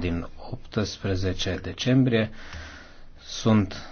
din 18 decembrie sunt